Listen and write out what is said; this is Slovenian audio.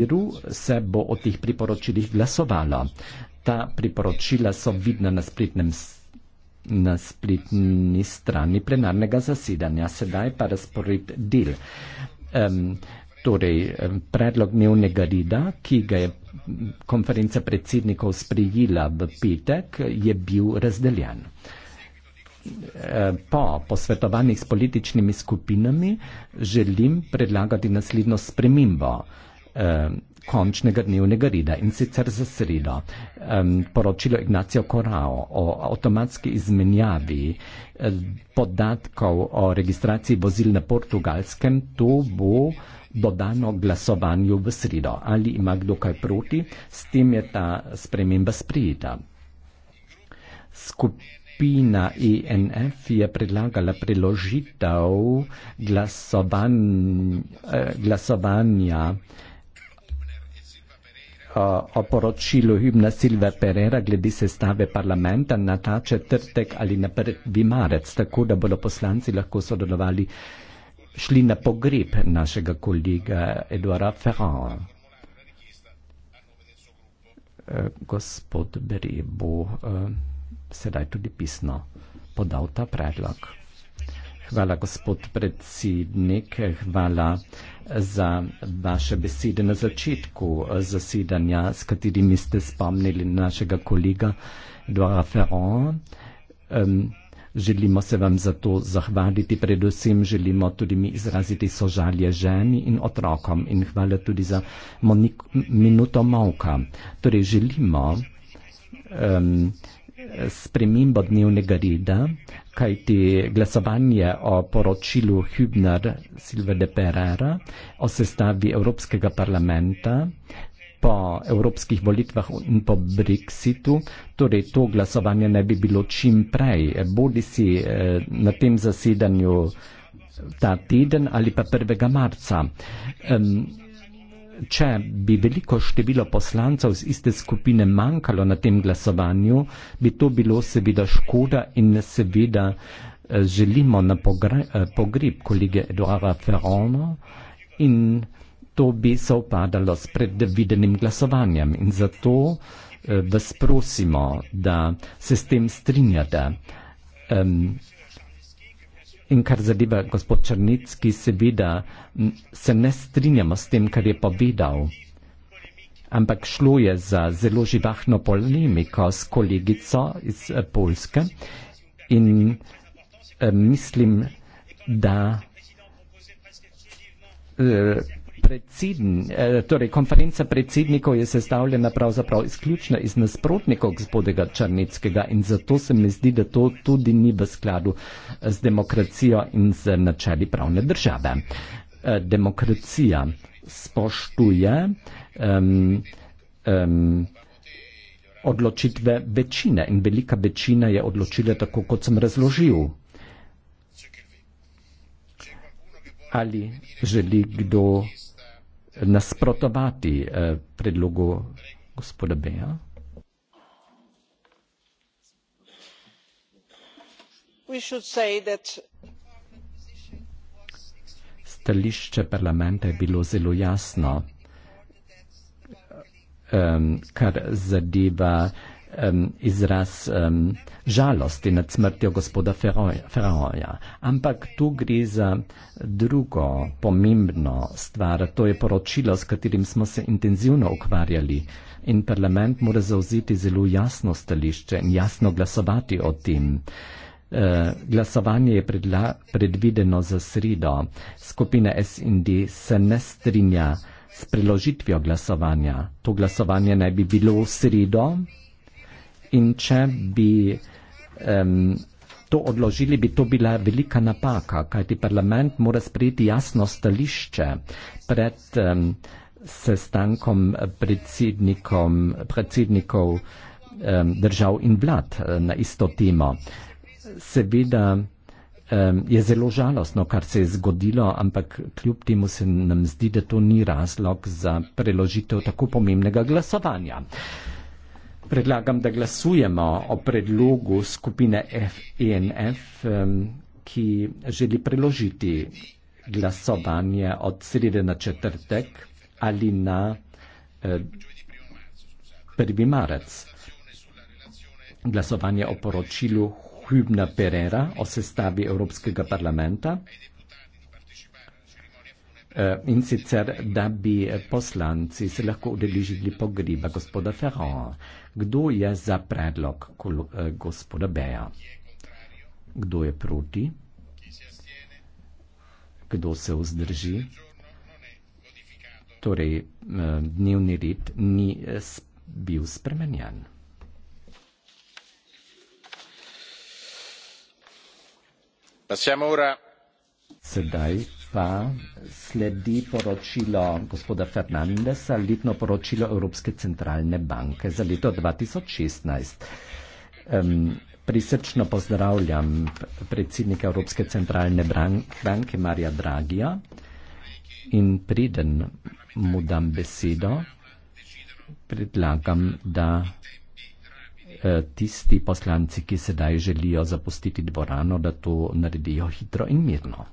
miru se bo o tih priporočilih glasovalo. Ta priporočila so vidna na spletnem na spletni strani plenarnega zasedanja. Sedaj pa razpored del. Um, torej, predlog dnevnega reda, ki ga je konferenca predsednikov sprejela v petek, je bil razdeljen. Po posvetovanjih s političnimi skupinami želim predlagati naslednjo spremembo eh, končnega dnevnega reda in sicer za sredo. Eh, poročilo Ignacio Corao o avtomatski izmenjavi eh, podatkov o registraciji vozil na portugalskem, to bo dodano glasovanju v sredo. Ali ima kdo kaj proti, s tem je ta sprememba sprijeta. Skup Skupina ENF je predlagala preložitev glasovan, eh, glasovanja o poročilu Hübna Silva Pereira glede sestave parlamenta na ta četrtek ali na 1. marec, tako da bodo poslanci lahko sodelovali, šli na pogreb našega kolega Eduarda Ferrara. E, gospod Beri bo e, sedaj tudi pisno podal ta predlog. Hvala, gospod predsednik. Hvala za vaše besede na začetku zasedanja, s katerimi ste spomnili našega kolega Dora Ferron. Um, želimo se vam za to zahvaliti, predvsem želimo tudi mi izraziti sožalje ženi in otrokom in hvala tudi za monik, minuto mavka. Torej želimo um, spremembo dnevnega reda, kajti glasovanje o poročilu Hübner Silve de Perera o sestavi Evropskega parlamenta po evropskih volitvah in po Brexitu, torej to glasovanje ne bi bilo čim prej, bodi si eh, na tem zasedanju ta teden ali pa 1. marca če bi veliko število poslancev iz iste skupine manjkalo na tem glasovanju, bi to bilo seveda škoda in seveda eh, želimo na eh, pogreb kolege Eduara Ferrona in to bi se upadalo s predvidenim glasovanjem in zato eh, vas prosimo, da se s tem strinjate. In kar zadeva gospod Črnitski, seveda se ne strinjamo s tem, kar je povedal. Ampak šlo je za zelo živahno polemiko s kolegico iz eh, Polske in eh, mislim, da eh, Eh, torej konferenca predsednikov je sestavljena pravzaprav izključno iz nasprotnikov gospodega Črneckega in zato se mi zdi, da to tudi ni v skladu eh, z demokracijo in z načeli pravne države. Eh, demokracija spoštuje um, um, odločitve večine in velika večina je odločila tako, kot sem razložil. Ali želi kdo nasprotovati eh, predlogu gospoda Beja? Stališče parlamenta je bilo zelo jasno, um, kar zadeva uh, um, izraz um, žalosti nad smrtjo gospoda Feroja. Ampak tu gre za drugo pomembno stvar, to je poročilo, s katerim smo se intenzivno ukvarjali in parlament mora zauzeti zelo jasno stališče in jasno glasovati o tem. Uh, glasovanje je predla, predvideno za sredo. Skupina SND se ne strinja s preložitvijo glasovanja. To glasovanje naj bi bilo v sredo, in če bi um, to odložili, bi to bila velika napaka, kajti parlament mora sprejeti jasno stališče pred um, sestankom predsednikov um, držav in vlad eh, na isto temo. Seveda um, je zelo žalostno, kar se je zgodilo, ampak kljub temu se nam zdi, da to ni razlog za preložitev tako pomembnega glasovanja. Predlagam, da glasujemo o predlogu skupine FNF, ki želi preložiti glasovanje od srede na četrtek ali na 1. Eh, marec. Glasovanje o poročilu Hübna Pereira o sestavi Evropskega parlamenta. Eh, in sicer, da bi poslanci se lahko udeležili pogriba gospoda Ferroa. Kdo je za predlog eh, gospoda Beja? Kdo je proti? Kdo se vzdrži? Torej, eh, dnevni red ni bil spremenjen. Passiamo ora. Sedaj pa sledi poročilo gospoda Fernandesa, letno poročilo Evropske centralne banke za leto 2016. Um, prisrčno pozdravljam predsednika Evropske centralne banke Marija Dragija in preden mu dam besedo, predlagam, da Eh, tisti poslanci, ki sedaj želijo zapustiti dvorano, da to naredijo hitro in mirno.